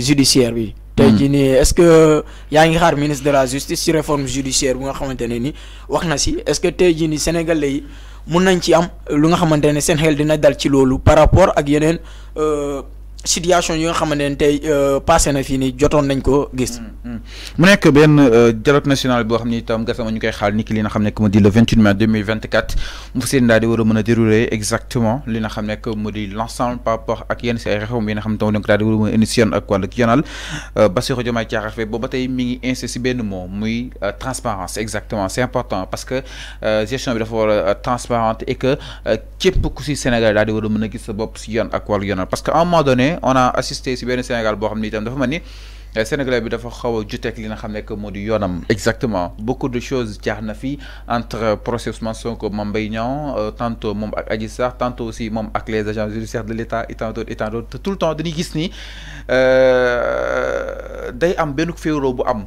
judiciaire bi. Hmm. est-ce que yaa ngi xaar ministre de la justice ci réforme judiciaire bu nga xamante ni wax est-ce que tey sénégalais yi mën nañ ci am lu nga xamante sen xel dina dal ci par rapport ak euh situation yi nga xamantene tay tey euh, passé na fii nii jotoon nañ ko gis. Mm, mm. mu nek ben euh, dialogue national boo xam ni itam gasama ñu koy xaal ni ki li nga xam ne mu di le 28 mai 2024 mu seen yéene daal di war a mën dérouler exactement li nga xam ne mu di l' ensemble par rapport ak yene si ay réformes yi nga xam ne donc daal di war a mën a initié ak wàllu yoonal euh, Bassirou Diomaye Diakhar bo batay mi ngi insisté si benn mot muy transparence exactement c'est important parce que gestion bi dafa wara transparente et que képp ku ci Sénégal daal di war a gis sa bop ci yone ak wal yone parce que à un moment donné on a assisté si Sénégal bo xamni dafa euh, a li nga que exactement beaucoup de choses ont fi entre euh, procès de euh, tantôt mom ak tantôt aussi les agents judiciaires de l'État, tout le temps dañuy gis ni day am benn bu am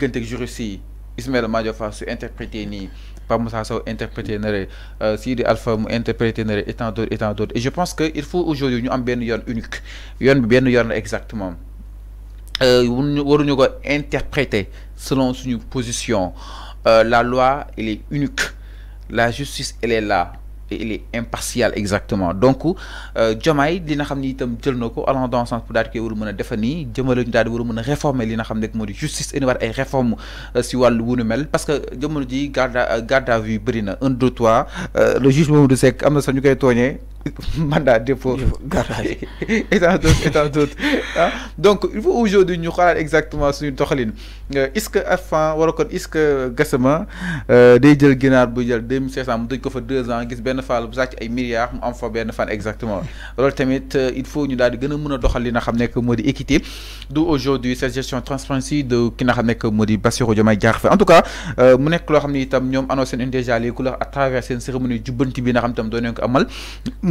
ak Ismaël Madior Fall interprété ni pas Moussa Sow interprété ni euh, Sidi Alpha mu interprété ni étant et étant d'autres et d'autres et je pense que il faut aujourd'hui ñu am benn unique yoon bien exactement euh, waruñu nous ko interpréter selon une position euh, la loi elle est unique la justice elle est là et il est impartial exactement donc euh, Diomaye dina xamni itam djelnoko allant dans sens pour daal di koy war a mën a defa nii ñu daal di war réformer li nga xam ne moo di justice ay réforme euh, si walu wunu mel parce que jamono ji garde garde à vue bëri un deux trois euh, le juge Mamadou Seck am na sax ñu koy mandat dépôt garage et tant et tant d'autres ah donc il faut aujourd'hui ñu xalaat exactement suñu doxalin euh, est-ce que Arfan wala kon est-ce que Gassama euh, day jël ginaar bu jël deux mille cinq cent mu tëj ko fa deux ans gis benn faal bu sàcc ay milliards mu am fa benn fan exactement loolu tamit euh, il faut ñu daal di gën a mën n'a doxal li nga équité du aujourd'hui cette gestion transparente de ki nga xam nekk moo di Bassirou Diomaye Diakhar en tout cas mu nekk loo xam ne itam ñoom annoncé déjà les couleurs à travers une cérémonie jubbanti bi nga xam itam doon nañ ko amal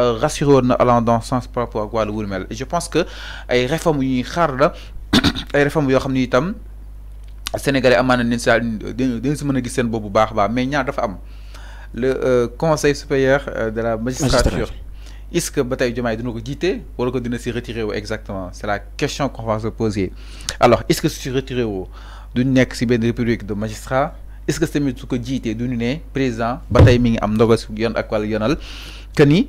Euh, rassuré woon allant dans sens par rapport ak wàllu wul je pense que ay réformes qui ñuy xaar la ay réformes qui xam ni itam sénégalais amana nañ saa dañ si mën a gis seen boobu bu baax a mais ñaar dafa am le euh, conseil supérieur euh, de la magistrature est-ce que batay tey Diomaye ko jité wala ko dina si retiré wu exactement c'est la question qu'on va se poser alors est-ce que su retiré wu du nek ci ben république de magistrats est-ce que c'est su ko jiitee duñu né président batay mi ngi am ndogal si ak wàllu yonal que ni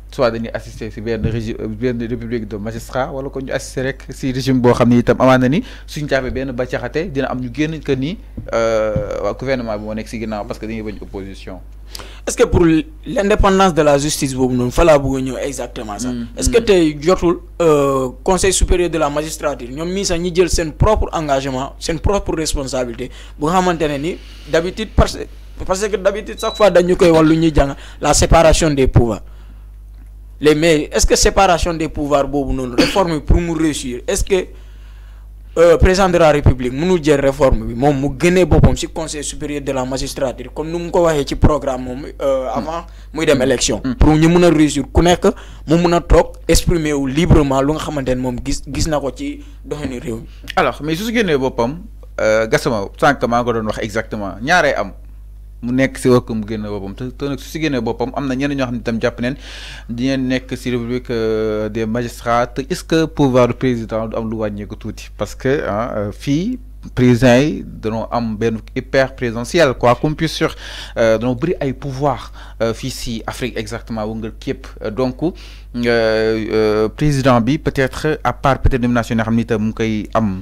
soit dañuy assister ci benn régi euh, benn république de magistrat wala ko ñu assister rek si régime boo xam ni itam amaana ni suñu jàppee benn ba caxate dina am ñu génn que ni euh, waa gouvernement bi moo nekk si ginnaaw parce que dañuy bañ opposition. est-ce que pour l'indépendance de la justice boobu noonu fa laa bëgg a ñëw exactement ça mm-hmm. est-ce que tey jotul euh, conseil supérieur de la magistrature ñoom mii sax ñi jël seen propre engagement seen propre responsabilité bu xamante ne ni d'habitude parce parce que d'habitude chaque fois dañu koy wax lu ñuy jàng la séparation des pouvoirs les mais, est-ce que séparation des pouvoirs boobu noonu réforme pour nous réussir est-ce que euh, président de la république nous jël réforme bi moom mu gënee ci conseil supérieur de la magistrature comme nous mu ko waxee ci programme euh, avant muy dem élection mm. pour ñu nous réussir ku nekk mu mën exprimer librement lu nga xamante ne gis gis na ci doxinu réew alors mais su su génnee boppam euh, gasama sànq maa ngi ko doon wax exactement ñaaree am mu nekk si wàllum génne boppam te te nag su si génne boppam am na ñoo xamni tam itam jàpp neen dina nekk république euh, des magistrats est-ce que pouvoir du président du am lu ko touti parce que hein, euh, fii président yi dañoo am benn hyper présidentiel quoi qu'on puisse sur euh, dañoo bari ay pouvoir fi ci Afrique exactement wëngal kep donc président bi peut-être à part peut-être nomination yoo xam ni mu koy am.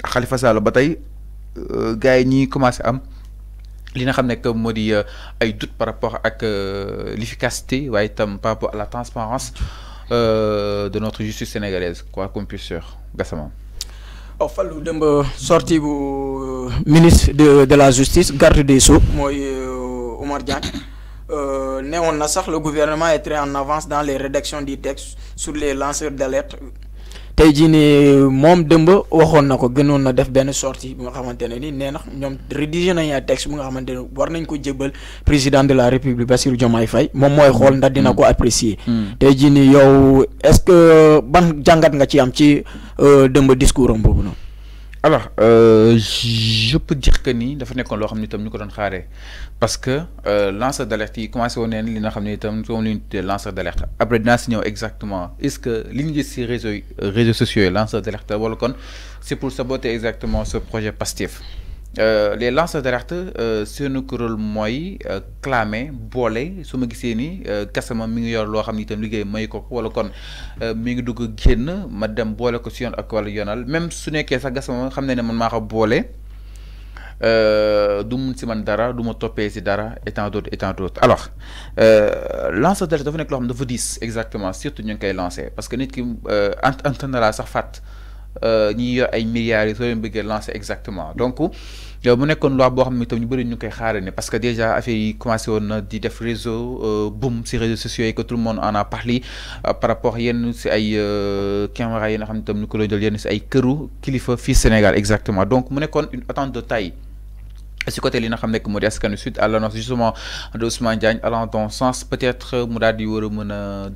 Khalifa Sall ba tey euh, gars yi commencé am li nga euh, ay doute par rapport ak euh, l'efficacité par rapport à la transparence de notre justice sénégalaise quoi qu'on puisse dire Gassama waaw oh, fallu démb sortie bu ministre de la justice garde des Sceaux Oumar Diagne na sax le gouvernement est très en avance dans les rédactions du texte sur les lanceurs d'alerte tey jii nii moom dëmb waxoon na ko gënoon na def benn sortie bu nga xamante ne nii nee na ñoom rédigé nañ ay texte bu nga xamante ne war nañ ko jébbal président de la république Bassirou Diomaye Faye moom mooy xool ndax dina ko apprécier. Hmm. Hmm. tey jii nii yow est-ce que ban jàngat nga ci am ci euh, dëmb discours am boobu noonu. alors euh, je peux dire que ni dafa nekkoon loo xam ne ñu parce que euh, lanceur d'alerte, il commence commencé woon neen li nga xam ne lanceur d'alerte après nous avons exactement est ce que li des ces réseaux sociaux et lanceur d'alerte alerte pour saboter exactement ce projet pastif. Euh, les lanceurs d'alerte euh, nous kuréel mooy euh, clamé bolé suma gisé ni kasama mi ngi yor lo xamni tam liguey may ko wala kon mi ngi dugg ma dem ko ak wala même su nekké du mun ci man du ma dara et tant d'autres et tant d'autres alors lanceur d'alerte dafa nek lo xamne dafa exactement surtout ñu ngi parce que nit ki les euh, ñi yor ay milliards yi soo leen bëggee exactement donc mu nekkoon loi boo xam ne itam ñu bëri ñu koy xaarane parce que déjà affaire yi commencé woon na di def réseau euh, boom si réseaux sociaux yi que tout le monde en a parlé euh, par rapport yenn si ay caméra yi nga xam ne itam ñu ko doon jël yenn si ay këru kilifa fii Sénégal exactement donc mu nekkoon une attente de taille. Ce côté li nga xam dit que à l'annonce justement de Ousmane Diagne allant dans sens peut-être euh, di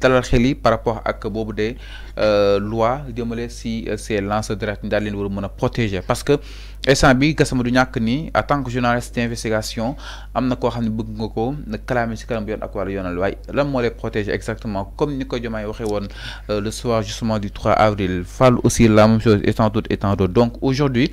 dalal par rapport ak dit de euh, loi si c'est lance direct, dit que protéger parce que que bi du ñak ni en tant que journaliste d'investigation amna ko dit bëgg nga ko clamer ci kanam yon ak wala yonal way lan protéger exactement comme ni ko euh, le soir justement du 3 avril Fall aussi la même chose et que et donc aujourd'hui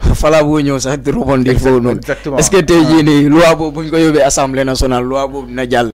falaa boo ñëw sax di rebondir foofu noonu est-ce que tey jii ah. nii loi boobu bu ñu ko yóbbee assemblée nationale loi boobu dina jàll